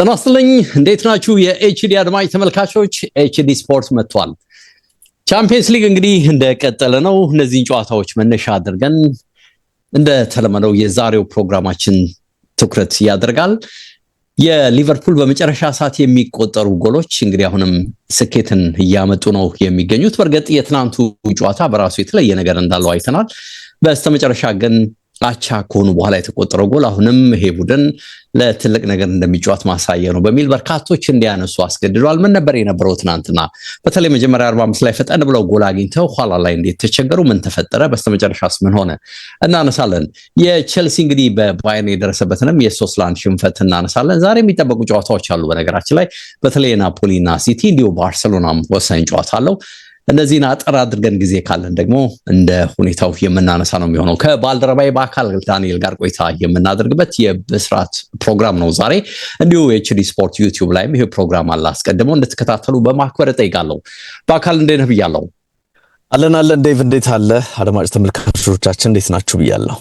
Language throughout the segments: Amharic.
ጤና ይስጥልኝ እንዴት ናችሁ? የኤችዲ አድማጭ ተመልካቾች ኤችዲ ስፖርት መጥቷል። ቻምፒየንስ ሊግ እንግዲህ እንደቀጠለ ነው። እነዚህን ጨዋታዎች መነሻ አድርገን እንደተለመደው የዛሬው ፕሮግራማችን ትኩረት ያደርጋል። የሊቨርፑል በመጨረሻ ሰዓት የሚቆጠሩ ጎሎች እንግዲህ አሁንም ስኬትን እያመጡ ነው የሚገኙት። በእርግጥ የትናንቱ ጨዋታ በራሱ የተለየ ነገር እንዳለው አይተናል። በስተመጨረሻ ግን አቻ ከሆኑ በኋላ የተቆጠረው ጎል አሁንም ይሄ ቡድን ለትልቅ ነገር እንደሚጫወት ማሳያ ነው በሚል በርካቶች እንዲያነሱ አስገድዷል። ምን ነበር የነበረው ትናንትና? በተለይ መጀመሪያ 45 ላይ ፈጠን ብለው ጎል አግኝተው ኋላ ላይ እንዴት ተቸገሩ? ምን ተፈጠረ? በስተመጨረሻስ ምን ሆነ? እናነሳለን። የቼልሲ እንግዲህ በባየርን የደረሰበትንም የሶስት ለአንድ ሽንፈት እናነሳለን። ዛሬ የሚጠበቁ ጨዋታዎች አሉ። በነገራችን ላይ በተለይ ናፖሊና ሲቲ እንዲሁ ባርሰሎና ወሳኝ ጨዋታ አለው። እነዚህን አጠር አድርገን ጊዜ ካለን ደግሞ እንደ ሁኔታው የምናነሳ ነው የሚሆነው። ከባልደረባይ በአካል ዳንኤል ጋር ቆይታ የምናደርግበት የብስራት ፕሮግራም ነው ዛሬ። እንዲሁ የኤችዲ ስፖርት ዩቲዩብ ላይም ይህ ፕሮግራም አለ፣ አስቀድመው እንድትከታተሉ በማክበር እጠይቃለሁ። በአካል እንዴት ነህ ብያለሁ። አለን አለን። ዴቭ እንዴት አለ? አድማጭ ተመልካቾቻችን እንዴት ናችሁ ብያለሁ።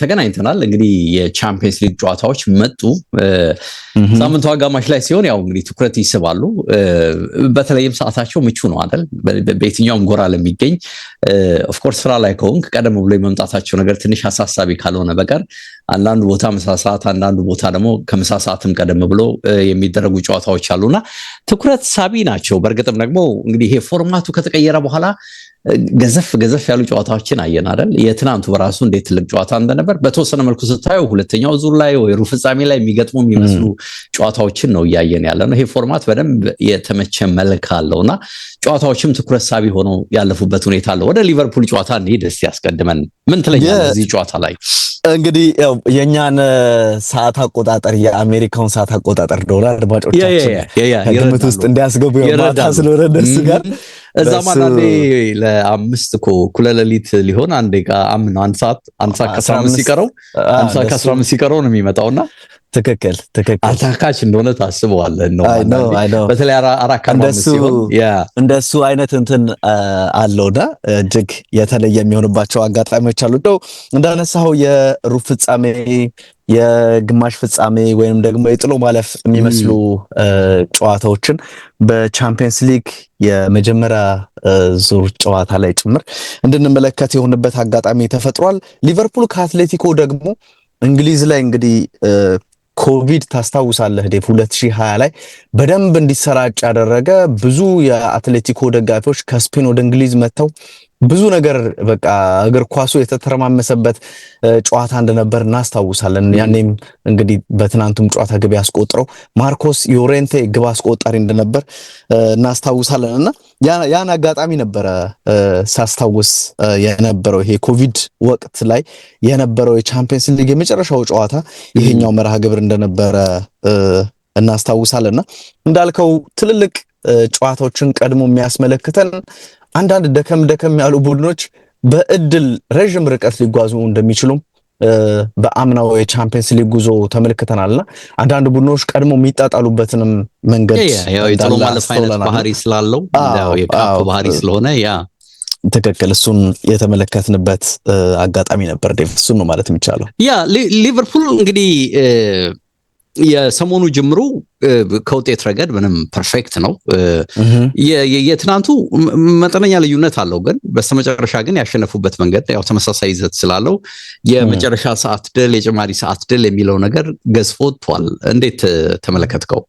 ተገናኝተናል። እንግዲህ የቻምፒየንስ ሊግ ጨዋታዎች መጡ። ሳምንቱ አጋማሽ ላይ ሲሆን ያው እንግዲህ ትኩረት ይስባሉ። በተለይም ሰዓታቸው ምቹ ነው አይደል? በየትኛውም ጎራ ለሚገኝ ኦፍኮርስ ስራ ላይ ከሆንክ ቀደም ብሎ የመምጣታቸው ነገር ትንሽ አሳሳቢ ካልሆነ በቀር አንዳንዱ ቦታ ምሳ ሰዓት፣ አንዳንዱ ቦታ ደግሞ ከምሳ ሰዓትም ቀደም ብሎ የሚደረጉ ጨዋታዎች አሉና ትኩረት ሳቢ ናቸው። በእርግጥም ደግሞ እንግዲህ ይሄ ፎርማቱ ከተቀየረ በኋላ ገዘፍ ገዘፍ ያሉ ጨዋታዎችን አየን አይደል? የትናንቱ በራሱ እንዴት ትልቅ ጨዋታ እንደነበር በተወሰነ መልኩ ስታየው ሁለተኛው ዙር ላይ ወይ ሩብ ፍጻሜ ላይ የሚገጥሙ የሚመስሉ ጨዋታዎችን ነው እያየን ያለ ነው። ይሄ ፎርማት በደንብ የተመቸ መልክ አለው እና ጨዋታዎችም ትኩረት ሳቢ ሆነው ያለፉበት ሁኔታ አለው። ወደ ሊቨርፑል ጨዋታ እንሂድ እስቲ ያስቀድመን። ምን ትለኛለህ እዚህ ጨዋታ ላይ? እንግዲህ የእኛን ሰዓት አቆጣጠር የአሜሪካውን ሰዓት አቆጣጠር ዶላር አድማጮቻችን ከግምት ውስጥ እንዲያስገቡ ማታ ስለሆነ እነሱ ጋር እዛ አንዳንዴ ለአምስት እኮ እኩለ ሌሊት ሊሆን አንድ አንድ ሰዓት አንድ ሰዓት ከአስራ አምስት ሲቀረው አንድ ሰዓት ከአስራ አምስት ሲቀረው ነው የሚመጣው እና ትክክል ትክክል አታካች እንደሆነ ታስበዋለህ ነው። በተለይ እንደሱ አይነት እንትን አለውና እጅግ የተለየ የሚሆንባቸው አጋጣሚዎች አሉ። እንደው እንዳነሳው የሩብ ፍጻሜ፣ የግማሽ ፍጻሜ ወይም ደግሞ የጥሎ ማለፍ የሚመስሉ ጨዋታዎችን በቻምፒየንስ ሊግ የመጀመሪያ ዙር ጨዋታ ላይ ጭምር እንድንመለከት የሆነበት አጋጣሚ ተፈጥሯል። ሊቨርፑል ከአትሌቲኮ ደግሞ እንግሊዝ ላይ እንግዲህ ኮቪድ ታስታውሳለህ ዴፍ 2020 ላይ በደንብ እንዲሰራጭ ያደረገ ብዙ የአትሌቲኮ ደጋፊዎች ከስፔን ወደ እንግሊዝ መጥተው ብዙ ነገር በቃ እግር ኳሱ የተተረማመሰበት ጨዋታ እንደነበር እናስታውሳለን። ያኔም እንግዲህ በትናንቱም ጨዋታ ግብ ያስቆጥረው ማርኮስ ዮሬንቴ ግብ አስቆጣሪ እንደነበር እናስታውሳለን እና ያን አጋጣሚ ነበረ ሳስታውስ የነበረው ይሄ ኮቪድ ወቅት ላይ የነበረው የቻምፒየንስ ሊግ የመጨረሻው ጨዋታ ይሄኛው መርሃ ግብር እንደነበረ እናስታውሳለን እና እንዳልከው ትልልቅ ጨዋታዎችን ቀድሞ የሚያስመለክተን አንዳንድ ደከም ደከም ያሉ ቡድኖች በእድል ረዥም ርቀት ሊጓዙ እንደሚችሉም በአምናው የቻምፒየንስ ሊግ ጉዞ ተመልክተናልና አንዳንድ ቡድኖች ቀድሞ የሚጣጣሉበትንም መንገድ የጥሎ ማለፍ አይነት ባህሪ ስላለው የካፕ ባህሪ ስለሆነ ያ ትክክል እሱን የተመለከትንበት አጋጣሚ ነበር። ዴቭ እሱን ነው ማለት የሚቻለው። ያ ሊቨርፑል እንግዲህ የሰሞኑ ጅምሩ ከውጤት ረገድ ምንም ፐርፌክት ነው። የትናንቱ መጠነኛ ልዩነት አለው፣ ግን በስተመጨረሻ ግን ያሸነፉበት መንገድ ያው ተመሳሳይ ይዘት ስላለው የመጨረሻ ሰዓት ድል፣ የጭማሪ ሰዓት ድል የሚለው ነገር ገዝፎ ወጥቷል። እንዴት ተመለከትከው?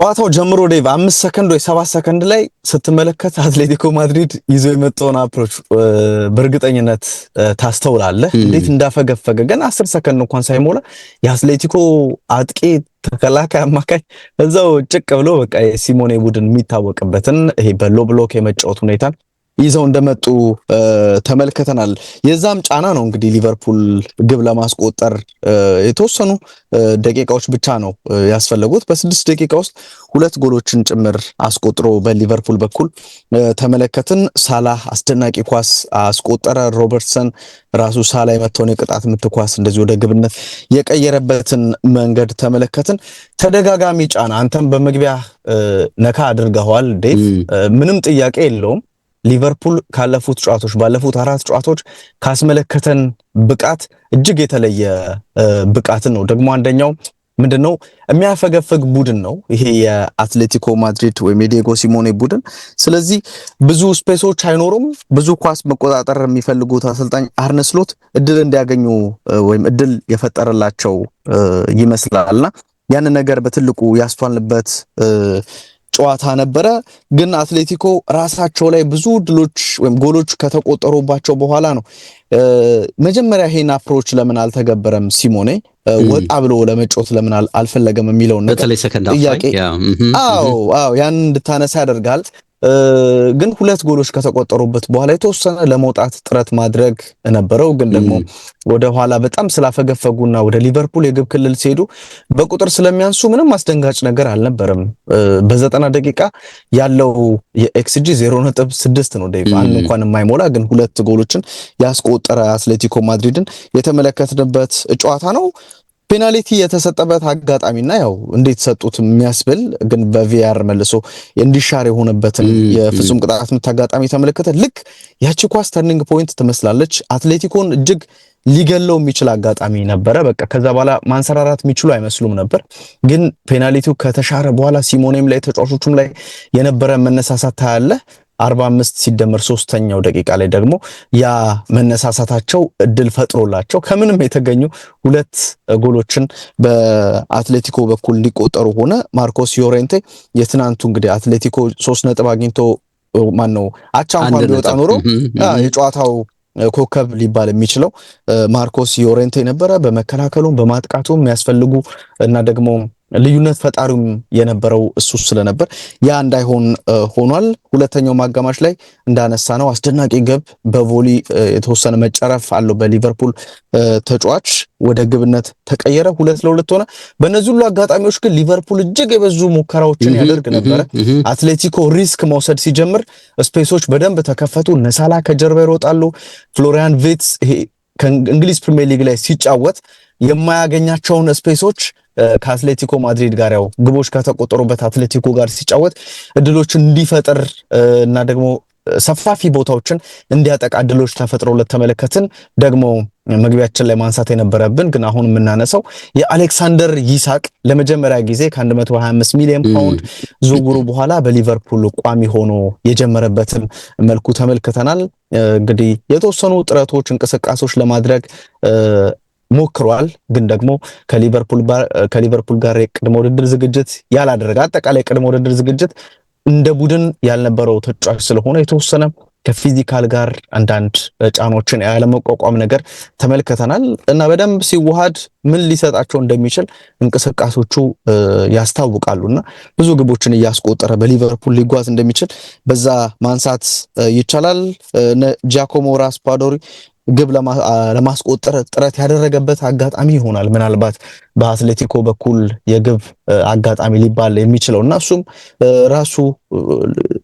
ጨዋታው ጀምሮ ዴቭ አምስት ሰከንድ ወይ ሰባት ሰከንድ ላይ ስትመለከት አትሌቲኮ ማድሪድ ይዞ የመጣውን አፕሮች በእርግጠኝነት ታስተውላለህ። እንዴት እንዳፈገፈገ ገና አስር ሰከንድ እንኳን ሳይሞላ የአትሌቲኮ አጥቂ፣ ተከላካይ፣ አማካኝ እዛው ጭቅ ብሎ በቃ የሲሞኔ ቡድን የሚታወቅበትን ይሄ በሎ ብሎክ የመጫወት ሁኔታን ይዘው እንደመጡ ተመልክተናል። የዛም ጫና ነው እንግዲህ ሊቨርፑል ግብ ለማስቆጠር የተወሰኑ ደቂቃዎች ብቻ ነው ያስፈለጉት። በስድስት ደቂቃ ውስጥ ሁለት ጎሎችን ጭምር አስቆጥሮ በሊቨርፑል በኩል ተመለከትን። ሳላህ አስደናቂ ኳስ አስቆጠረ። ሮበርትሰን ራሱ ሳላ የመታውን የቅጣት ምት ኳስ እንደዚህ ወደ ግብነት የቀየረበትን መንገድ ተመለከትን። ተደጋጋሚ ጫና አንተም በመግቢያ ነካ አድርገዋል ዴቭ፣ ምንም ጥያቄ የለውም ሊቨርፑል ካለፉት ጨዋታዎች ባለፉት አራት ጨዋታዎች ካስመለከተን ብቃት እጅግ የተለየ ብቃት ነው። ደግሞ አንደኛው ምንድነው ነው ቡድን ነው ይሄ የአትሌቲኮ ማድሪድ ወይም የዲጎ ሲሞኔ ቡድን። ስለዚህ ብዙ ስፔሶች አይኖሩም። ብዙ ኳስ መቆጣጠር የሚፈልጉት አሰልጣኝ አርነ ስሎት እድል እንዲያገኙ ወይም እድል የፈጠረላቸው ይመስላልና ያንን ነገር በትልቁ ያስተዋልንበት ጨዋታ ነበረ። ግን አትሌቲኮ ራሳቸው ላይ ብዙ ድሎች ወይም ጎሎች ከተቆጠሩባቸው በኋላ ነው መጀመሪያ ይሄን አፕሮች ለምን አልተገበረም ሲሞኔ ወጣ ብሎ ለመጮት ለምን አልፈለገም የሚለውን ነገር ጥያቄ ያን እንድታነሳ ያደርጋል። ግን ሁለት ጎሎች ከተቆጠሩበት በኋላ የተወሰነ ለመውጣት ጥረት ማድረግ ነበረው። ግን ደግሞ ወደኋላ በጣም ስላፈገፈጉና ወደ ሊቨርፑል የግብ ክልል ሲሄዱ በቁጥር ስለሚያንሱ ምንም አስደንጋጭ ነገር አልነበረም። በዘጠና ደቂቃ ያለው የኤክስጂ ስድስት ነው። አንድ እንኳን የማይሞላ ግን ሁለት ጎሎችን ያስቆጠረ አትሌቲኮ ማድሪድን የተመለከትንበት ጨዋታ ነው። ፔናልቲ የተሰጠበት አጋጣሚና ያው እንዴት ሰጡት የሚያስብል ግን በቪአር መልሶ እንዲሻር የሆነበትን የፍጹም ቅጣት ምት አጋጣሚ ተመለከተ። ልክ ያቺ ኳስ ተርኒንግ ፖይንት ትመስላለች። አትሌቲኮን እጅግ ሊገለው የሚችል አጋጣሚ ነበረ። በቃ ከዛ በኋላ ማንሰራራት የሚችሉ አይመስሉም ነበር። ግን ፔናልቲው ከተሻረ በኋላ ሲሞኔም ላይ ተጫዋቾቹም ላይ የነበረ መነሳሳት ታያለህ። አርባ አምስት ሲደመር ሶስተኛው ደቂቃ ላይ ደግሞ ያ መነሳሳታቸው እድል ፈጥሮላቸው ከምንም የተገኙ ሁለት ጎሎችን በአትሌቲኮ በኩል ሊቆጠሩ ሆነ። ማርኮስ ዮሬንቴ የትናንቱ እንግዲህ አትሌቲኮ ሶስት ነጥብ አግኝቶ ማን ነው አቻ እንኳን ቢወጣ ኖሮ የጨዋታው ኮከብ ሊባል የሚችለው ማርኮስ ዮሬንቴ ነበረ። በመከላከሉም በማጥቃቱም የሚያስፈልጉ እና ደግሞ ልዩነት ፈጣሪም የነበረው እሱ ስለነበር ያ እንዳይሆን ሆኗል። ሁለተኛው ማጋማሽ ላይ እንዳነሳ ነው አስደናቂ ግብ በቮሊ የተወሰነ መጨረፍ አለው በሊቨርፑል ተጫዋች ወደ ግብነት ተቀየረ። ሁለት ለሁለት ሆነ። በእነዚህ ሁሉ አጋጣሚዎች ግን ሊቨርፑል እጅግ የበዙ ሙከራዎችን ያደርግ ነበረ። አትሌቲኮ ሪስክ መውሰድ ሲጀምር ስፔሶች በደንብ ተከፈቱ። ነሳላ ከጀርባ ይሮጣሉ። ፍሎሪያን ቪትስ ከእንግሊዝ ፕሪሚየር ሊግ ላይ ሲጫወት የማያገኛቸውን ስፔሶች ከአትሌቲኮ ማድሪድ ጋር ያው ግቦች ከተቆጠሩበት አትሌቲኮ ጋር ሲጫወት እድሎችን እንዲፈጥር እና ደግሞ ሰፋፊ ቦታዎችን እንዲያጠቃ እድሎች ተፈጥረውለት ተመለከትን። ደግሞ መግቢያችን ላይ ማንሳት የነበረብን ግን አሁን የምናነሳው የአሌክሳንደር ይሳቅ ለመጀመሪያ ጊዜ ከ125 ሚሊዮን ፓውንድ ዝውውሩ በኋላ በሊቨርፑል ቋሚ ሆኖ የጀመረበትን መልኩ ተመልክተናል። እንግዲህ የተወሰኑ ጥረቶች፣ እንቅስቃሴዎች ለማድረግ ሞክሯል። ግን ደግሞ ከሊቨርፑል ጋር የቅድመ ውድድር ዝግጅት ያላደረገ አጠቃላይ የቅድመ ውድድር ዝግጅት እንደ ቡድን ያልነበረው ተጫዋች ስለሆነ የተወሰነ ከፊዚካል ጋር አንዳንድ ጫኖችን ያለመቋቋም ነገር ተመልክተናል እና በደንብ ሲዋሃድ ምን ሊሰጣቸው እንደሚችል እንቅስቃሴዎቹ ያስታውቃሉ እና ብዙ ግቦችን እያስቆጠረ በሊቨርፑል ሊጓዝ እንደሚችል በዛ ማንሳት ይቻላል። ጃኮሞ ራስፓዶሪ ግብ ለማስቆጠር ጥረት ያደረገበት አጋጣሚ ይሆናል። ምናልባት በአትሌቲኮ በኩል የግብ አጋጣሚ ሊባል የሚችለው እና እሱም ራሱ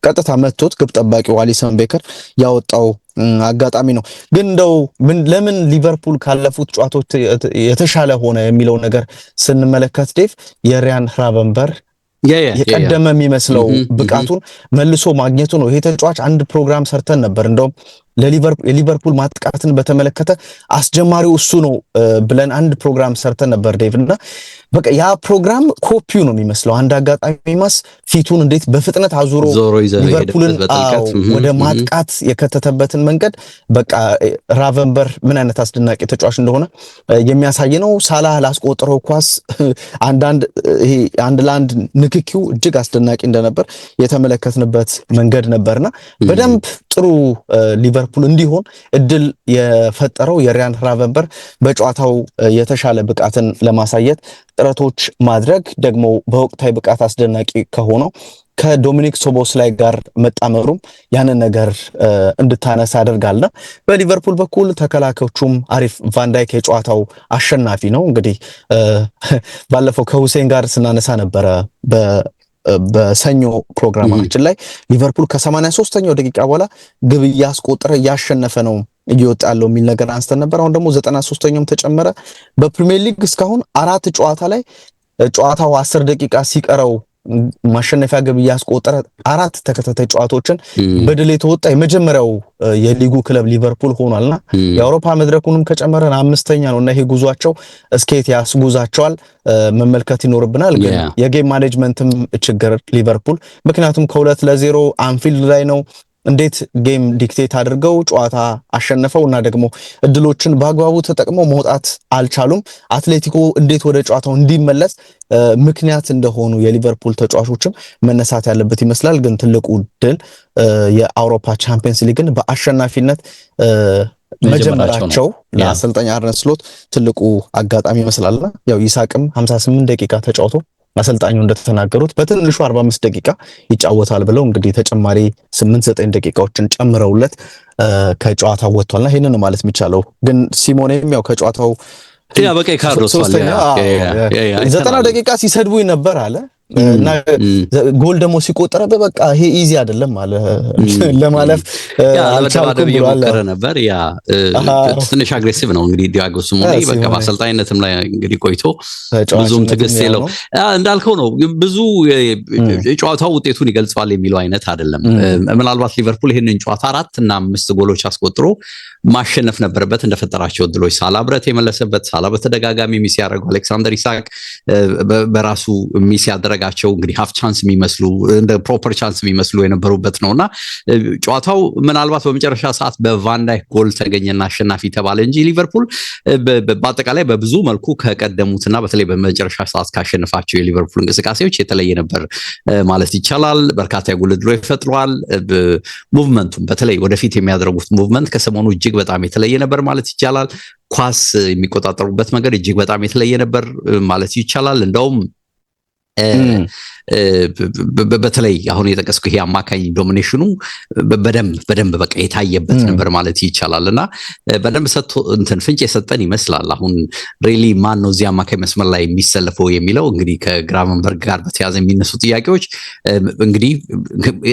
ቀጥታ መቶት ግብ ጠባቂው አሊሰን ቤከር ያወጣው አጋጣሚ ነው። ግን እንደው ለምን ሊቨርፑል ካለፉት ጨዋታዎች የተሻለ ሆነ የሚለው ነገር ስንመለከት ዴቭ የሪያን ራቨንበር የቀደመ የሚመስለው ብቃቱን መልሶ ማግኘቱ ነው። ይሄ ተጫዋች አንድ ፕሮግራም ሰርተን ነበር እንደውም የሊቨርፑል ማጥቃትን በተመለከተ አስጀማሪው እሱ ነው ብለን አንድ ፕሮግራም ሰርተን ነበር ዴቭ እና በቃ ያ ፕሮግራም ኮፒው ነው የሚመስለው። አንድ አጋጣሚ ማስ ፊቱን እንዴት በፍጥነት አዙሮ ሊቨርፑልን ወደ ማጥቃት የከተተበትን መንገድ በቃ ራቨንበር ምን አይነት አስደናቂ ተጫዋች እንደሆነ የሚያሳይ ነው። ሳላህ ላስቆጥረው ኳስ አንዳንድ ይሄ አንድ ለአንድ ንክኪው እጅግ አስደናቂ እንደነበር የተመለከትንበት መንገድ ነበርና በደንብ ጥሩ ሊቨርፑል እንዲሆን እድል የፈጠረው የሪያን ራቨንበር በጨዋታው የተሻለ ብቃትን ለማሳየት ጥረቶች ማድረግ ደግሞ በወቅታዊ ብቃት አስደናቂ ከሆነው ከዶሚኒክ ሶቦስላይ ጋር መጣመሩም ያንን ነገር እንድታነሳ አድርጋለ። በሊቨርፑል በኩል ተከላካዮቹም አሪፍ ቫንዳይክ የጨዋታው አሸናፊ ነው። እንግዲህ ባለፈው ከሁሴን ጋር ስናነሳ ነበረ በሰኞ ፕሮግራማችን ላይ ሊቨርፑል ከሰማንያ ሶስተኛው ደቂቃ በኋላ ግብ እያስቆጠረ እያሸነፈ ነው እየወጣ ያለው የሚል ነገር አንስተን ነበር። አሁን ደግሞ ዘጠና ሶስተኛውም ተጨመረ። በፕሪሚየር ሊግ እስካሁን አራት ጨዋታ ላይ ጨዋታው አስር ደቂቃ ሲቀረው ማሸነፊያ ግብ ያስቆጠረ አራት ተከታታይ ጨዋታዎችን በድል የተወጣ የመጀመሪያው የሊጉ ክለብ ሊቨርፑል ሆኗልና የአውሮፓ መድረኩንም ከጨመረን አምስተኛ ነው እና ይሄ ጉዟቸው እስኬት ያስጉዛቸዋል መመልከት ይኖርብናል። ግን የጌም ማኔጅመንትም ችግር ሊቨርፑል ምክንያቱም ከሁለት ለዜሮ አንፊልድ ላይ ነው እንዴት ጌም ዲክቴት አድርገው ጨዋታ አሸነፈው እና ደግሞ እድሎችን በአግባቡ ተጠቅመው መውጣት አልቻሉም። አትሌቲኮ እንዴት ወደ ጨዋታው እንዲመለስ ምክንያት እንደሆኑ የሊቨርፑል ተጫዋቾችም መነሳት ያለበት ይመስላል። ግን ትልቁ ድል የአውሮፓ ቻምፒየንስ ሊግን በአሸናፊነት መጀመራቸው ለአሰልጣኝ አርነ ስሎት ትልቁ አጋጣሚ ይመስላልና ያው ይሳቅም 58 ደቂቃ ተጫውቶ አሰልጣኙ እንደተናገሩት በትንሹ 45 ደቂቃ ይጫወታል ብለው እንግዲህ ተጨማሪ 8 9 ደቂቃዎችን ጨምረውለት ከጨዋታው ወጥቷልና ይህንን ማለት የሚቻለው ግን ሲሞኔም ያው ከጨዋታው ያ በቀይ ካርድ ወጥቷል። ዘጠና ደቂቃ ሲሰድቡኝ ነበር አለ እና ጎል ደግሞ ሲቆጠረ በቃ ይሄ ኢዚ አይደለም አለ ለማለፍ አልቻልኩም ብሏል ነበር። ያ ትንሽ አግሬሲቭ ነው እንግዲህ ዲያጎ ሲሞኔ በቃ በአሰልጣኝነትም ላይ እንግዲህ ቆይቶ ብዙም ትግስት የለው እንዳልከው ነው። ብዙ ጨዋታው ውጤቱን ይገልጸዋል የሚለው አይነት አይደለም። ምናልባት ሊቨርፑል ይህንን ጨዋታ አራት እና አምስት ጎሎች አስቆጥሮ ማሸነፍ ነበረበት። እንደፈጠራቸው እድሎች ሳላ ብረት የመለሰበት ሳላ በተደጋጋሚ ሚስ ያደረገው አሌክሳንደር ኢሳቅ በራሱ ሚስ ያደረገ ያደረጋቸው እንግዲህ ሀፍ ቻንስ የሚመስሉ እንደ ፕሮፐር ቻንስ የሚመስሉ የነበሩበት ነው እና ጨዋታው ምናልባት በመጨረሻ ሰዓት በቫንዳይክ ጎል ተገኘና አሸናፊ ተባለ እንጂ ሊቨርፑል በአጠቃላይ በብዙ መልኩ ከቀደሙትና በተለይ በመጨረሻ ሰዓት ካሸንፋቸው የሊቨርፑል እንቅስቃሴዎች የተለየ ነበር ማለት ይቻላል። በርካታ የጎል ዕድሎች ሙቭመንቱም በተለይ ወደፊት የሚያደርጉት ሙቭመንት ከሰሞኑ እጅግ በጣም የተለየ ነበር ማለት ይቻላል። ኳስ የሚቆጣጠሩበት መንገድ እጅግ በጣም የተለየ ነበር ማለት ይቻላል። እንደውም በተለይ አሁን የጠቀስኩ ይሄ አማካኝ ዶሚኔሽኑ በደንብ በደንብ በቃ የታየበት ነበር ማለት ይቻላል። እና በደንብ ሰጥቶ እንትን ፍንጭ የሰጠን ይመስላል። አሁን ሬሊ ማን ነው እዚህ አማካኝ መስመር ላይ የሚሰለፈው የሚለው እንግዲህ ከግራቨንበርግ ጋር በተያዘ የሚነሱ ጥያቄዎች እንግዲህ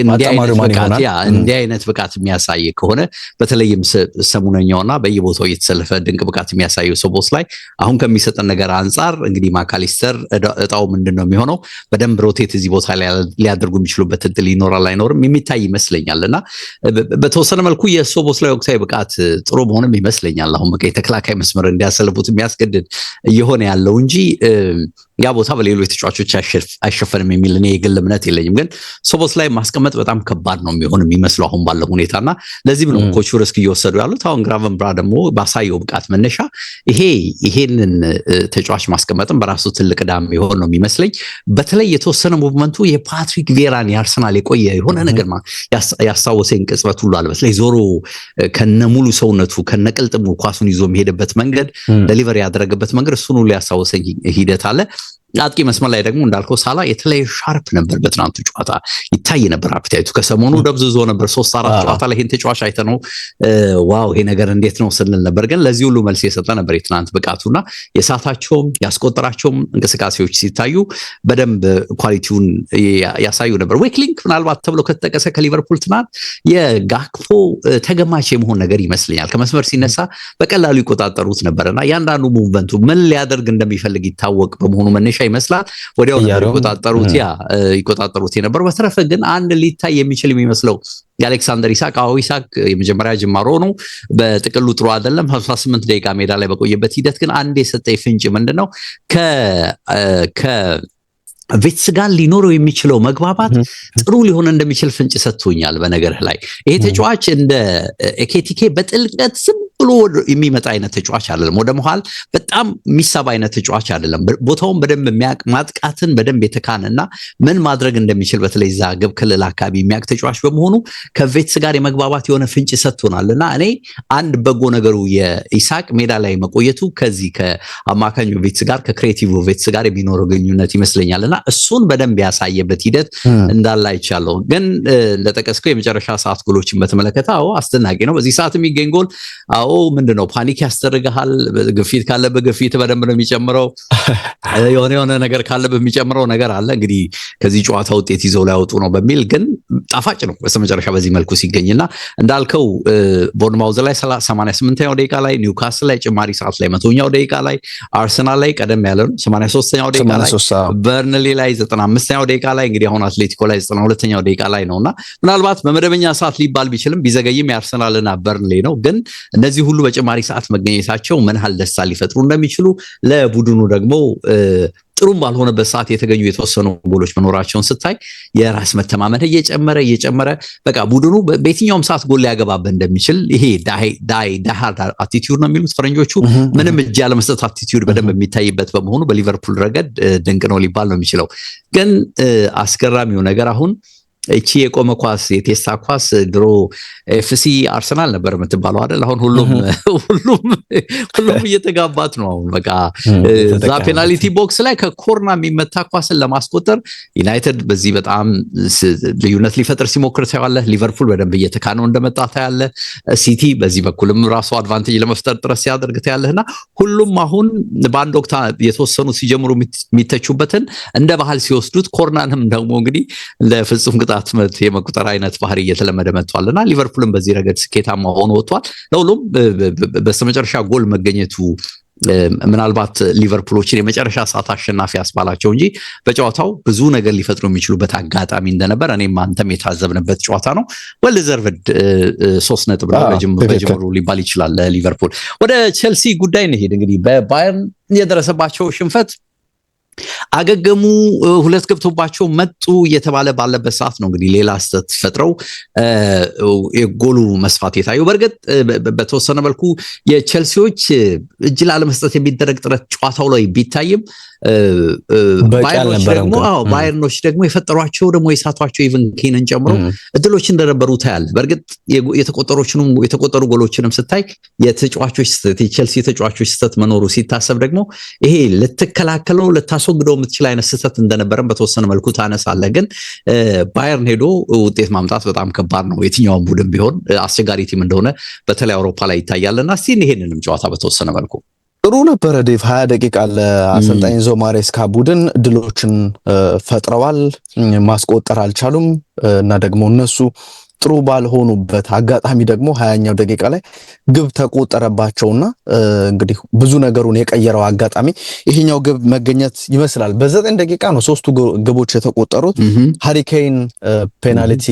እንዲህ አይነት ብቃት የሚያሳይ ከሆነ በተለይም ሰሙነኛውና በየቦታው እየተሰለፈ ድንቅ ብቃት የሚያሳየው ሰቦስ ላይ አሁን ከሚሰጠን ነገር አንጻር እንግዲህ ማካሊስተር እጣው ምንድን ነው የሚሆነው ሆነው በደንብ ሮቴት እዚህ ቦታ ሊያደርጉ የሚችሉበት እድል ይኖራል አይኖርም የሚታይ ይመስለኛል። እና በተወሰነ መልኩ የሶቦስ ወቅታዊ ብቃት ጥሩ መሆንም ይመስለኛል አሁን በቃ የተከላካይ መስመር እንዲያሰልፉት የሚያስገድድ እየሆነ ያለው እንጂ ያ ቦታ በሌሎች ተጫዋቾች አይሸፈንም የሚል እኔ የግል እምነት የለኝም። ግን ሶቦስ ላይ ማስቀመጥ በጣም ከባድ ነው የሚሆን የሚመስለው አሁን ባለው ሁኔታና ለዚህም ነው ኮቹ ሪስክ እየወሰዱ ያሉት። አሁን ግራቨንብራ ደግሞ ባሳየው ብቃት መነሻ ይሄ ይሄንን ተጫዋች ማስቀመጥም በራሱ ትልቅ ዕዳ የሚሆን ነው የሚመስለኝ። በተለይ የተወሰነ ሙቭመንቱ የፓትሪክ ቬራን የአርሰናል የቆየ የሆነ ነገር ያስታወሰኝ ቅጽበት ሁሉ አለ። በተለይ ዞሮ ከነሙሉ ሰውነቱ ከነቅልጥሙ ኳሱን ይዞ የሚሄድበት መንገድ፣ ደሊቨር ያደረገበት መንገድ እሱን ሁሉ ያስታወሰኝ ሂደት አለ። አጥቂ መስመር ላይ ደግሞ እንዳልከው ሳላ የተለየ ሻርፕ ነበር። በትናንቱ ጨዋታ ይታይ ነበር አፕታይቱ። ከሰሞኑ ደብዝዞ ነበር። ሶስት አራት ጨዋታ ላይ ይህን ተጫዋች ነው ዋው ይሄ ነገር እንዴት ነው ስንል ነበር። ግን ለዚህ ሁሉ መልስ የሰጠ ነበር የትናንት ብቃቱና የሳታቸውም ያስቆጠራቸውም እንቅስቃሴዎች ሲታዩ በደንብ ኳሊቲውን ያሳዩ ነበር። ዌክሊንግ ምናልባት ተብሎ ከተጠቀሰ ከሊቨርፑል ትናንት የጋክፖ ተገማች የመሆን ነገር ይመስለኛል። ከመስመር ሲነሳ በቀላሉ ይቆጣጠሩት ነበርና ያንዳንዱ ሙቭመንቱ ምን ሊያደርግ እንደሚፈልግ ይታወቅ በመሆኑ መነሻ መጨረሻ ይመስላል ወዲያው ይቆጣጠሩት ያ ይቆጣጠሩት የነበሩ። በተረፈ ግን አንድ ሊታይ የሚችል የሚመስለው የአሌክሳንደር ኢሳቅ አዎ ኢሳቅ የመጀመሪያ ጅማሮ ነው። በጥቅሉ ጥሩ አይደለም። 58 ደቂቃ ሜዳ ላይ በቆየበት ሂደት ግን አንድ የሰጠኝ ፍንጭ ምንድን ነው ከ ቬትስ ጋር ሊኖረው የሚችለው መግባባት ጥሩ ሊሆን እንደሚችል ፍንጭ ሰጥቶኛል። በነገርህ ላይ ይሄ ተጫዋች እንደ ኤኬቲኬ በጥልቀት ዝም ጥሎ የሚመጣ አይነት ተጫዋች አይደለም። ወደ መሃል በጣም የሚሳብ አይነት ተጫዋች አይደለም። ቦታውን በደንብ የሚያቅ ማጥቃትን በደንብ የተካነና ምን ማድረግ እንደሚችል በተለይ እዛ ግብ ክልል አካባቢ የሚያውቅ ተጫዋች በመሆኑ ከቬትስ ጋር የመግባባት የሆነ ፍንጭ ሰጥቶናል እና እኔ አንድ በጎ ነገሩ የኢሳቅ ሜዳ ላይ መቆየቱ ከዚህ ከአማካኙ ቬትስ ጋር ከክሬቲቭ ቬትስ ጋር የሚኖረው ግንኙነት ይመስለኛል እና እሱን በደንብ ያሳየበት ሂደት እንዳለ አይቻለሁ። ግን እንደጠቀስከው የመጨረሻ ሰዓት ጎሎችን በተመለከተ አዎ አስደናቂ ነው። በዚህ ሰዓት የሚገኝ ጎል አዎ አዎ ምንድን ነው ፓኒክ ያስደርግሃል። ግፊት ካለበ ግፊት በደንብ ነው የሚጨምረው። የሆነ የሆነ ነገር ካለ የሚጨምረው ነገር አለ። እንግዲህ ከዚህ ጨዋታ ውጤት ይዘው ላያወጡ ነው በሚል ግን ጣፋጭ ነው በስተ መጨረሻ በዚህ መልኩ ሲገኝና እንዳልከው ቦርንማውዝ ላይ 88ኛው ደቂቃ ላይ፣ ኒውካስል ላይ ጭማሪ ሰዓት ላይ መቶኛው ደቂቃ ላይ፣ አርሰናል ላይ ቀደም ያለ ነው 83ኛው ደቂቃ ላይ፣ በርንሊ ላይ 95ኛው ደቂቃ ላይ እንግዲህ አሁን አትሌቲኮ ላይ 92ኛው ደቂቃ ላይ ነውእና ምናልባት በመደበኛ ሰዓት ሊባል ቢችልም ቢዘገይም የአርሰናልና በርንሌ ነው ግን እነዚህ ከዚህ ሁሉ በጭማሪ ሰዓት መገኘታቸው ምን ያህል ደስታ ሊፈጥሩ እንደሚችሉ ለቡድኑ ደግሞ ጥሩም ባልሆነበት ሰዓት የተገኙ የተወሰኑ ጎሎች መኖራቸውን ስታይ የራስ መተማመን እየጨመረ እየጨመረ በቃ ቡድኑ በየትኛውም ሰዓት ጎል ሊያገባበት እንደሚችል ይሄ ዳሃር አቲቲዩድ ነው የሚሉት ፈረንጆቹ፣ ምንም እጅ ያለመስጠት አቲቲዩድ በደንብ የሚታይበት በመሆኑ በሊቨርፑል ረገድ ድንቅ ነው ሊባል ነው የሚችለው። ግን አስገራሚው ነገር አሁን እቺ የቆመ ኳስ የቴስታ ኳስ ድሮ ኤፍሲ አርሰናል ነበር የምትባለው አይደል? አሁን ሁሉም ሁሉም ሁሉም እየተጋባት ነው። አሁን በቃ እዛ ፔናልቲ ቦክስ ላይ ከኮርና የሚመታ ኳስን ለማስቆጠር ዩናይትድ በዚህ በጣም ልዩነት ሊፈጥር ሲሞክር ታያለ። ሊቨርፑል በደንብ እየተካነው እንደመጣ ታያለ። ሲቲ በዚህ በኩልም ራሱ አድቫንቴጅ ለመፍጠር ጥረት ሲያደርግ ታያለህ እና ሁሉም አሁን በአንድ ወቅት የተወሰኑ ሲጀምሩ የሚተቹበትን እንደ ባህል ሲወስዱት ኮርናንም ደግሞ እንግዲህ ለፍጹም ቅጣት የመጣትመት የመቁጠር አይነት ባህሪ እየተለመደ መጥቷል እና ሊቨርፑልም በዚህ ረገድ ስኬታማ ሆኖ ወጥቷል። ለሁሉም በስተመጨረሻ ጎል መገኘቱ ምናልባት ሊቨርፑሎችን የመጨረሻ ሰዓት አሸናፊ ያስባላቸው እንጂ በጨዋታው ብዙ ነገር ሊፈጥሩ የሚችሉበት አጋጣሚ እንደነበር እኔም አንተም የታዘብንበት ጨዋታ ነው። ወልዘርቭድ ሶስት ነጥብ ነው በጅምሩ ሊባል ይችላል። ሊቨርፑል ወደ ቼልሲ ጉዳይ እንሄድ። እንግዲህ በባየርን የደረሰባቸው ሽንፈት አገገሙ ሁለት ገብቶባቸው መጡ እየተባለ ባለበት ሰዓት ነው እንግዲህ ሌላ ስህተት ፈጥረው የጎሉ መስፋት የታየው። በእርግጥ በተወሰነ መልኩ የቼልሲዎች እጅ ላለመስጠት የሚደረግ ጥረት ጨዋታው ላይ ቢታይም ባየርኖች ደግሞ የፈጠሯቸው ደግሞ የሳቷቸው ኢቨን ኬንን ጨምሮ እድሎች እንደነበሩ ታያል። በእርግጥ የተቆጠሩ ጎሎችንም ስታይ የተጫዋቾች ስህተት የቸልሲ ተጫዋቾች ስህተት መኖሩ ሲታሰብ ደግሞ ይሄ ልትከላከለው ልታስወግደው የምትችል አይነት ስህተት እንደነበረም በተወሰነ መልኩ ታነሳለህ። ግን ባየርን ሄዶ ውጤት ማምጣት በጣም ከባድ ነው። የትኛውም ቡድን ቢሆን አስቸጋሪ ቲም እንደሆነ በተለይ አውሮፓ ላይ ይታያልና እስቲ ይሄንንም ጨዋታ በተወሰነ መልኩ ጥሩ ነበረ ዴቭ። ሀያ ደቂቃ ለአሰልጣኝ ዞ ማሬስካ ቡድን ድሎችን ፈጥረዋል፣ ማስቆጠር አልቻሉም እና ደግሞ እነሱ ጥሩ ባልሆኑበት አጋጣሚ ደግሞ ሀያኛው ደቂቃ ላይ ግብ ተቆጠረባቸውና እንግዲህ ብዙ ነገሩን የቀየረው አጋጣሚ ይሄኛው ግብ መገኘት ይመስላል። በዘጠኝ ደቂቃ ነው ሶስቱ ግቦች የተቆጠሩት። ሀሪኬን ፔናልቲ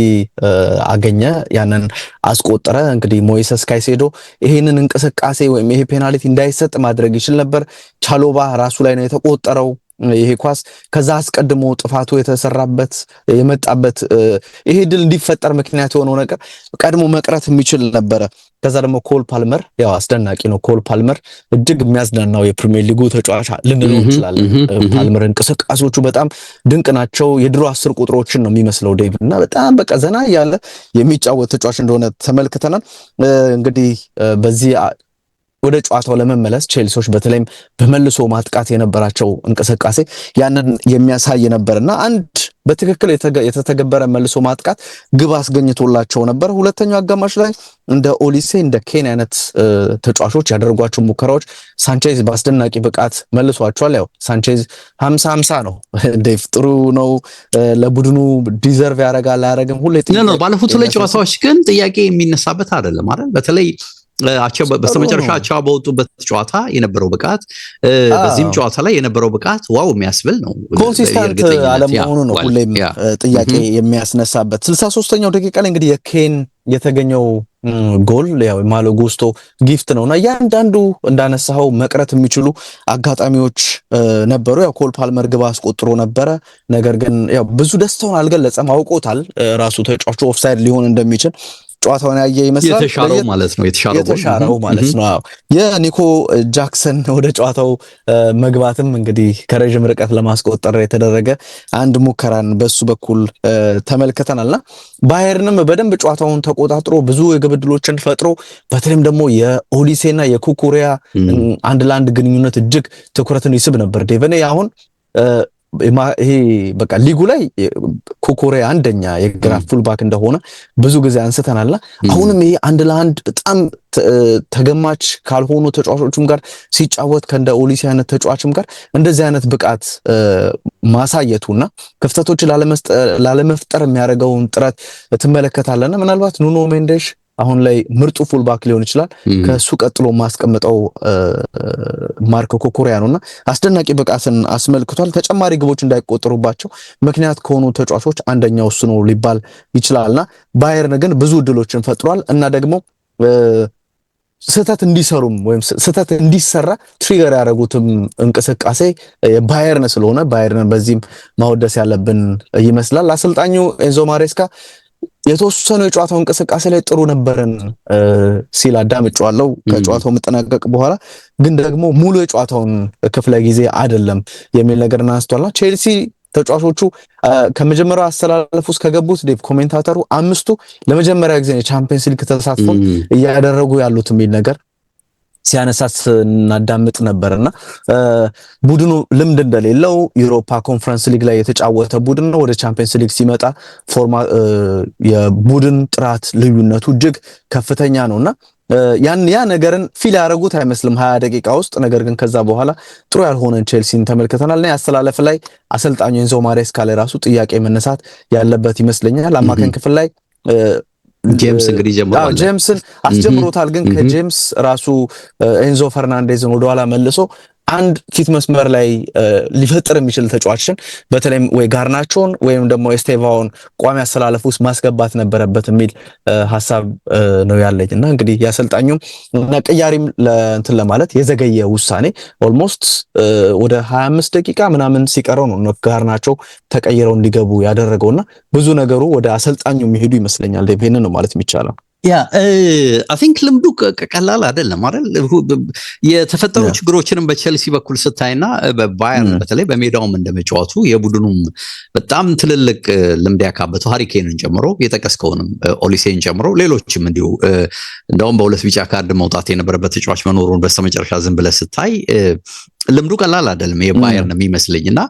አገኘ፣ ያንን አስቆጠረ። እንግዲህ ሞይሰስ ካይሴዶ ይሄንን እንቅስቃሴ ወይም ይሄ ፔናልቲ እንዳይሰጥ ማድረግ ይችል ነበር። ቻሎባ ራሱ ላይ ነው የተቆጠረው። ይሄ ኳስ ከዛ አስቀድሞ ጥፋቱ የተሰራበት የመጣበት ይሄ ድል እንዲፈጠር ምክንያት የሆነው ነገር ቀድሞ መቅረት የሚችል ነበረ። ከዛ ደግሞ ኮል ፓልመር ያው አስደናቂ ነው። ኮል ፓልመር እጅግ የሚያዝናናው የፕሪሚየር ሊጉ ተጫዋች ልንለው እንችላለን። ፓልመር እንቅስቃሴዎቹ በጣም ድንቅ ናቸው። የድሮ አስር ቁጥሮችን ነው የሚመስለው ዴቪድ እና በጣም በቃ ዘና ያለ የሚጫወት ተጫዋች እንደሆነ ተመልክተናል። እንግዲህ በዚህ ወደ ጨዋታው ለመመለስ ቼልሲዎች በተለይም በመልሶ ማጥቃት የነበራቸው እንቅስቃሴ ያንን የሚያሳይ ነበር እና አንድ በትክክል የተተገበረ መልሶ ማጥቃት ግብ አስገኝቶላቸው ነበር። ሁለተኛው አጋማሽ ላይ እንደ ኦሊሴ እንደ ኬን አይነት ተጫዋቾች ያደረጓቸው ሙከራዎች ሳንቼዝ በአስደናቂ ብቃት መልሷቸዋል። ያው ሳንቼዝ ሀምሳ ሀምሳ ነው ዴቭ ጥሩ ነው ለቡድኑ ዲዘርቭ ያደረጋል አያደረግም። ሁሌ ባለፉት ሁለት ጨዋታዎች ግን ጥያቄ የሚነሳበት አይደለም አይደል በተለይ በስተመጨረሻ አቻ በወጡበት ጨዋታ የነበረው ብቃት በዚህም ጨዋታ ላይ የነበረው ብቃት ዋው የሚያስብል ነው። ኮንሲስተንት አለመሆኑ ነው ሁሌም ጥያቄ የሚያስነሳበት። ስልሳ ሶስተኛው ደቂቃ ላይ እንግዲህ የኬን የተገኘው ጎል ያው ማሎ ጉስቶ ጊፍት እና እያንዳንዱ እንዳነሳኸው መቅረት የሚችሉ አጋጣሚዎች ነበሩ። ያው ኮል ፓልመር ግብ አስቆጥሮ ነበረ። ነገር ግን ያው ብዙ ደስታውን አልገለጸም። አውቆታል ራሱ ተጫዋቹ ኦፍሳይድ ሊሆን እንደሚችል ጨዋታውን ያየ ይመስላል። የተሻረው ማለት ነው የተሻረው ማለት ነው። የኒኮ ጃክሰን ወደ ጨዋታው መግባትም እንግዲህ ከረዥም ርቀት ለማስቆጠር የተደረገ አንድ ሙከራን በሱ በኩል ተመልክተናልና ባየርንም በደንብ ጨዋታውን ተቆጣጥሮ ብዙ የግብ ዕድሎችን ፈጥሮ በተለይም ደግሞ የኦሊሴና የኩኩሪያ አንድ ለአንድ ግንኙነት እጅግ ትኩረትን ይስብ ነበር። ዴቨኔ አሁን ይሄ በቃ ሊጉ ላይ ኮኮሬ አንደኛ የግራ ፉልባክ እንደሆነ ብዙ ጊዜ አንስተናልና አሁንም ይሄ አንድ ለአንድ በጣም ተገማች ካልሆኑ ተጫዋቾችም ጋር ሲጫወት ከእንደ ኦሊሲ አይነት ተጫዋችም ጋር እንደዚህ አይነት ብቃት ማሳየቱና ክፍተቶች ላለመፍጠር የሚያደርገውን ጥረት ትመለከታለና ምናልባት ኑኖ ሜንዴሽ አሁን ላይ ምርጡ ፉልባክ ሊሆን ይችላል። ከሱ ቀጥሎ ማስቀምጠው ማርኮ ኮኮሪያ ነውና አስደናቂ ብቃትን አስመልክቷል። ተጨማሪ ግቦች እንዳይቆጠሩባቸው ምክንያት ከሆኑ ተጫዋቾች አንደኛው እሱ ነው ሊባል ይችላልና ባየርን ግን ብዙ እድሎችን ፈጥሯል እና ደግሞ ስህተት እንዲሰሩም ወይም ስህተት እንዲሰራ ትሪገር ያደረጉትም እንቅስቃሴ ባየርን ስለሆነ ባየርን በዚህም ማወደስ ያለብን ይመስላል። አሰልጣኙ ኤንዞ ማሬስካ የተወሰኑ የጨዋታው እንቅስቃሴ ላይ ጥሩ ነበርን ሲል አዳምጬዋለሁ ከጨዋታው መጠናቀቅ በኋላ ግን ደግሞ ሙሉ የጨዋታውን ክፍለ ጊዜ አይደለም የሚል ነገር እናንስቷልና ቼልሲ ተጫዋቾቹ ከመጀመሪያው አስተላለፍ ውስጥ ከገቡት ዴቭ ኮሜንታተሩ አምስቱ ለመጀመሪያ ጊዜ የቻምፒየንስ ሊግ ተሳትፎ እያደረጉ ያሉት የሚል ነገር ሲያነሳት እናዳምጥ ነበር እና ቡድኑ ልምድ እንደሌለው ዩሮፓ ኮንፈረንስ ሊግ ላይ የተጫወተ ቡድን ነው። ወደ ቻምፒየንስ ሊግ ሲመጣ ፎርማ የቡድን ጥራት ልዩነቱ እጅግ ከፍተኛ ነው እና ያን ያ ነገርን ፊል ያደረጉት አይመስልም ሀያ ደቂቃ ውስጥ ነገር ግን ከዛ በኋላ ጥሩ ያልሆነን ቼልሲን ተመልክተናል እና ያስተላለፍ ላይ አሰልጣኙ ኤንዞ ማሬስካ ላይ ራሱ ጥያቄ መነሳት ያለበት ይመስለኛል አማካኝ ክፍል ላይ ጄምስ እንግዲህ ጀምሯል። ጄምስን አስጀምሮታል። ግን ከጄምስ ራሱ ኤንዞ ፈርናንዴዝን ወደኋላ መልሶ አንድ ፊት መስመር ላይ ሊፈጥር የሚችል ተጫዋችን በተለይም ወይ ጋርናቾን ወይም ደግሞ ኤስቴቫውን ቋሚ አሰላለፍ ውስጥ ማስገባት ነበረበት የሚል ሀሳብ ነው ያለኝ እና እንግዲህ የአሰልጣኙም እና ቅያሪም እንትን ለማለት የዘገየ ውሳኔ ኦልሞስት ወደ 25 ደቂቃ ምናምን ሲቀረው ነው ጋርናቾ ተቀይረው እንዲገቡ ያደረገውና ብዙ ነገሩ ወደ አሰልጣኙ የሚሄዱ ይመስለኛል። ይሄንን ነው ማለት የሚቻለው። ያ አይ ቲንክ ልምዱ ቀላል አይደለም አይደል? የተፈጠሩ ችግሮችንም በቸልሲ በኩል ስታይና በባየርን በተለይ በሜዳውም እንደመጫወቱ የቡድኑም በጣም ትልልቅ ልምድ ያካበቱ ሀሪኬንን ጨምሮ የጠቀስከውንም ኦሊሴን ጀምሮ ሌሎችም እንዲሁ እንደውም በሁለት ቢጫ ካርድ መውጣት የነበረበት ተጫዋች መኖሩን በስተመጨረሻ ዝም ብለህ ስታይ ልምዱ ቀላል አይደለም የባየር ነው የሚመስልኝና እና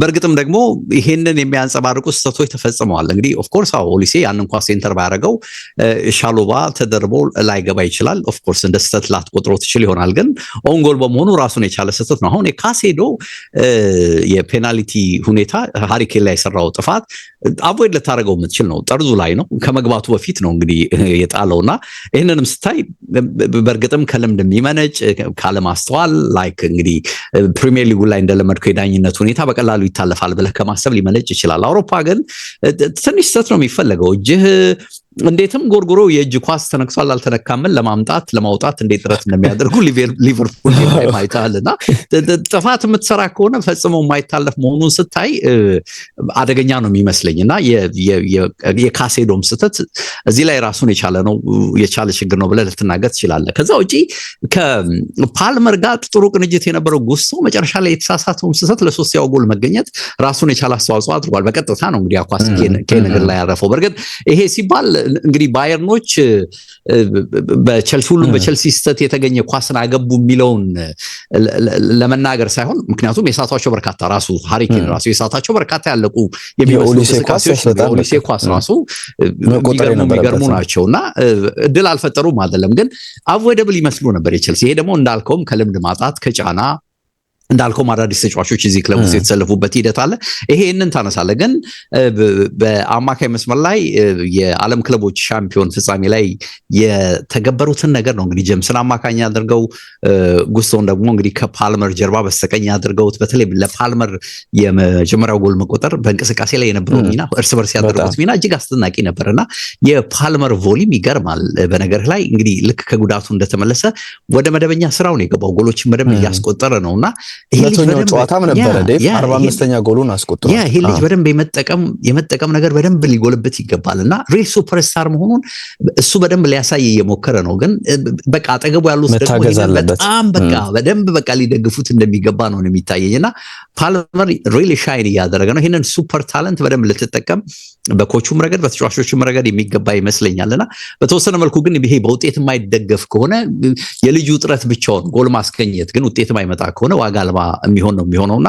በእርግጥም ደግሞ ይሄንን የሚያንጸባርቁ ስህተቶች ተፈጽመዋል። እንግዲህ ኦፍኮርስ አዎ ኦሊሴ ያን እንኳ ሴንተር ባያደረገው ሻሎባ ተደርቦ ላይገባ ይችላል። ኦፍኮርስ እንደ ስህተት ላትቆጥሮ ትችል ይሆናል፣ ግን ኦንጎል በመሆኑ ራሱን የቻለ ስህተት ነው። አሁን የካሴዶ የፔናልቲ ሁኔታ ሀሪኬን ላይ የሰራው ጥፋት አቮይድ ልታደረገው የምትችል ነው። ጠርዙ ላይ ነው ከመግባቱ በፊት ነው እንግዲህ የጣለው እና ይህንንም ስታይ በእርግጥም ከልምድ የሚመነጭ ካለማስተዋል ይሆናል ላይክ እንግዲህ ፕሪሚየር ሊጉ ላይ እንደለመድከው የዳኝነት ሁኔታ በቀላሉ ይታለፋል ብለህ ከማሰብ ሊመለጭ ይችላል። አውሮፓ ግን ትንሽ ስህተት ነው የሚፈለገው። እጅህ እንዴትም ጎርጎሮ የእጅ ኳስ ተነክሷል አልተነካምን ለማምጣት ለማውጣት እንዴት ጥረት እንደሚያደርጉ ሊቨርፑል ማይታል እና ጥፋት የምትሰራ ከሆነ ፈጽሞ የማይታለፍ መሆኑን ስታይ አደገኛ ነው የሚመስለኝ እና የካሴዶም ስህተት እዚህ ላይ ራሱን የቻለ ነው የቻለ ችግር ነው ብለ ልትናገር ትችላለ ከዛ ውጪ ከፓልመር ጋር ጥሩ ቅንጅት የነበረው ጉሶ መጨረሻ ላይ የተሳሳተውም ስህተት ለሶስተኛው ጎል መገኘት ራሱን የቻለ አስተዋጽኦ አድርጓል። በቀጥታ ነው እንግዲህ ኳስ ከነገር ላይ ያረፈው። በእርግጥ ይሄ ሲባል እንግዲህ ባየርኖች በቸልሲ ሁሉም በቸልሲ ስህተት የተገኘ ኳስን አገቡ የሚለውን ለመናገር ሳይሆን ምክንያቱም የሳቷቸው በርካታ ራሱ ሀሪኬን ራሱ የሳታቸው በርካታ ያለቁ የሚመስሉ ኳስ ራሱ የሚገርሙ ናቸው እና እድል አልፈጠሩም አይደለም፣ ግን አቮደብል ይመስሉ ነበር የቸልሲ። ይሄ ደግሞ እንዳልከውም ከልምድ ማጣት ከጫና እንዳልከውም አዳዲስ ተጫዋቾች እዚህ ክለብ ውስጥ የተሰለፉበት ሂደት አለ። ይሄንን ታነሳለ። ግን በአማካይ መስመር ላይ የዓለም ክለቦች ሻምፒዮን ፍጻሜ ላይ የተገበሩትን ነገር ነው እንግዲህ ጀምስን አማካኝ አድርገው ጉስቶን ደግሞ እንግዲህ ከፓልመር ጀርባ በስተቀኝ አድርገውት በተለይ ለፓልመር የመጀመሪያው ጎል መቆጠር በእንቅስቃሴ ላይ የነበረው ሚና፣ እርስ በርስ ያደረጉት ሚና እጅግ አስደናቂ ነበር እና የፓልመር ቮሊም ይገርማል። በነገርህ ላይ እንግዲህ ልክ ከጉዳቱ እንደተመለሰ ወደ መደበኛ ስራው ነው የገባው። ጎሎችን በደንብ እያስቆጠረ ነው እና ሁለተኛው ጨዋታም ነበረ አርባ አምስተኛ ጎሉን አስቆጥሮ ይህ ልጅ በደንብ የመጠቀም ነገር በደንብ ሊጎልበት ይገባል እና ሬል ሱፐርስታር መሆኑን እሱ በደንብ ሊያሳይ እየሞከረ ነው። ግን በቃ አጠገቡ ያሉት በጣም በቃ በደንብ በቃ ሊደግፉት እንደሚገባ ነው የሚታየኝ እና ፓልመር ሪል ሻይን እያደረገ ነው። ይህንን ሱፐር ታለንት በደንብ ልትጠቀም በኮቹም ረገድ በተጫዋቾችም ረገድ የሚገባ ይመስለኛል እና በተወሰነ መልኩ ግን ይሄ በውጤት የማይደገፍ ከሆነ የልዩ ጥረት ብቻውን ጎል ማስገኘት ግን ውጤት የማይመጣ ከሆነ ዋጋ አልባ የሚሆን ነው የሚሆነው እና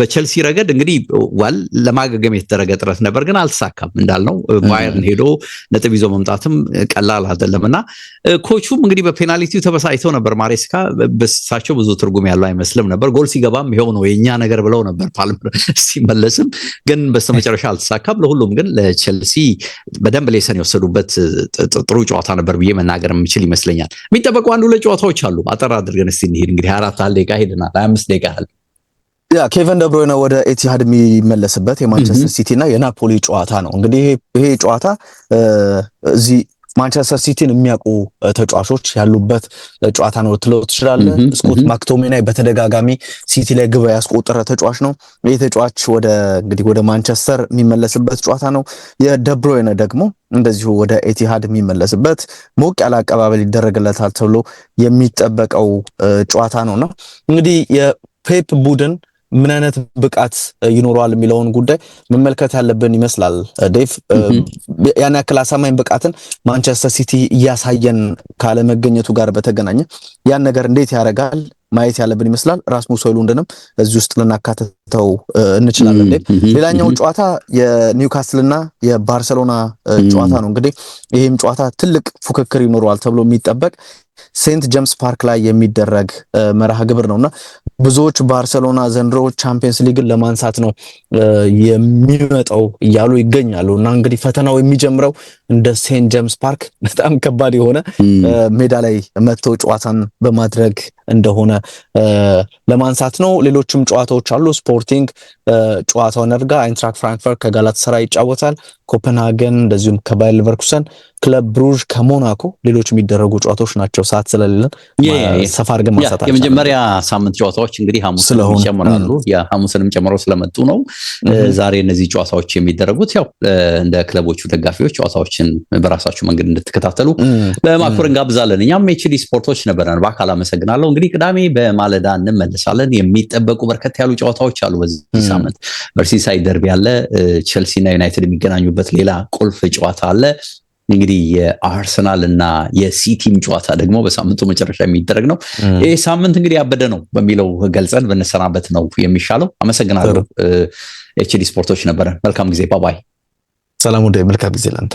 በቸልሲ ረገድ እንግዲህ ዋል ለማገገም የተደረገ ጥረት ነበር፣ ግን አልተሳካም። እንዳልነው ባየርን ሄዶ ነጥብ ይዞ መምጣትም ቀላል አይደለም እና ኮቹም እንግዲህ በፔናልቲው ተበሳጭተው ነበር። ማሬስካ በሳቸው ብዙ ትርጉም ያለው አይመስልም ነበር። ጎል ሲገባም ይኸው ነው የእኛ ነገር ብለው ነበር። ፓልመር ሲመለስም ግን በስተመጨረሻ አልተሳካም። ለሁሉም ግን ለቸልሲ በደንብ ሌሰን የወሰዱበት ጥሩ ጨዋታ ነበር ብዬ መናገር የምችል ይመስለኛል። የሚጠበቁ አንድ ሁለት ጨዋታዎች አሉ። አጠር አድርገን እስቲ እንሂድ። እንግዲህ አራት ደቂቃ ሄድናል አምስት ደቂቃ ያህል ያ ኬቨን ደብሮይነ ወደ ኤቲሃድ የሚመለስበት የማንቸስተር ሲቲ እና የናፖሊ ጨዋታ ነው። እንግዲህ ይሄ ጨዋታ እዚህ ማንቸስተር ሲቲን የሚያውቁ ተጫዋቾች ያሉበት ጨዋታ ነው ትለው ትችላለህ። ስኮት ማክቶሚናይ በተደጋጋሚ ሲቲ ላይ ግብ ያስቆጠረ ተጫዋች ነው። ይህ ተጫዋች ወደ እንግዲህ ወደ ማንቸስተር የሚመለስበት ጨዋታ ነው። የደብሮይነ ደግሞ እንደዚሁ ወደ ኤቲሃድ የሚመለስበት ሞቅ ያለ አቀባበል ይደረግለታል ተብሎ የሚጠበቀው ጨዋታ ነው ነውና እንግዲህ የፔፕ ቡድን ምን አይነት ብቃት ይኖረዋል የሚለውን ጉዳይ መመልከት ያለብን ይመስላል። ዴቭ ያን ያክል አሳማኝ ብቃትን ማንቸስተር ሲቲ እያሳየን ካለመገኘቱ ጋር በተገናኘ ያን ነገር እንዴት ያደርጋል ማየት ያለብን ይመስላል። ራስሙስ ሆይሉንድንም እዚህ ውስጥ ልናካትተው እንችላለን። ሌላኛው ጨዋታ የኒውካስልና የባርሰሎና ጨዋታ ነው። እንግዲህ ይህም ጨዋታ ትልቅ ፉክክር ይኖረዋል ተብሎ የሚጠበቅ ሴንት ጀምስ ፓርክ ላይ የሚደረግ መርሃ ግብር ነውና ብዙዎች ባርሰሎና ዘንድሮ ቻምፒየንስ ሊግን ለማንሳት ነው የሚመጣው እያሉ ይገኛሉ። እና እንግዲህ ፈተናው የሚጀምረው እንደ ሴንት ጀምስ ፓርክ በጣም ከባድ የሆነ ሜዳ ላይ መጥተው ጨዋታን በማድረግ እንደሆነ ለማንሳት ነው። ሌሎችም ጨዋታዎች አሉ። ስፖርቲንግ ጨዋታውን አድርጋ አይንትራክ ፍራንክፈርት ከጋላት ሰራ ይጫወታል። ኮፐንሃገን እንደዚሁም ከባየር ሊቨርኩሰን፣ ክለብ ብሩዥ ከሞናኮ ሌሎች የሚደረጉ ጨዋታዎች ናቸው። ሰዓት ስለሌለን ሰፋ አድርገን ማንሳት የመጀመሪያ ሳምንት ጨዋታዎች እንግዲህ ሐሙስን ይጨምራሉ። ሐሙስንም ጨምሮ ስለመጡ ነው ዛሬ እነዚህ ጨዋታዎች የሚደረጉት። ያው እንደ ክለቦቹ ደጋፊዎች ጨዋታዎችን በራሳችሁ መንገድ እንድትከታተሉ ለማክበር እንጋብዛለን። እኛም የችሊ ስፖርቶች ነበረን። በአካል አመሰግናለሁ። እንግዲህ ቅዳሜ በማለዳ እንመለሳለን። የሚጠበቁ በርከት ያሉ ጨዋታዎች አሉ በዚህ ሳምንት። መርሲሳይድ ደርቢ አለ፣ እና ዩናይትድ የሚገናኙበት ሌላ ቁልፍ ጨዋታ አለ። እንግዲህ የአርሰናል እና የሲቲም ጨዋታ ደግሞ በሳምንቱ መጨረሻ የሚደረግ ነው። ይህ ሳምንት እንግዲህ ያበደ ነው በሚለው ገልጸን ብንሰናበት ነው የሚሻለው። አመሰግናለሁ። ኤችዲ ስፖርቶች ነበረን። መልካም ጊዜ ባባይ። ሰላም ወደ መልካም ጊዜ ለአንተ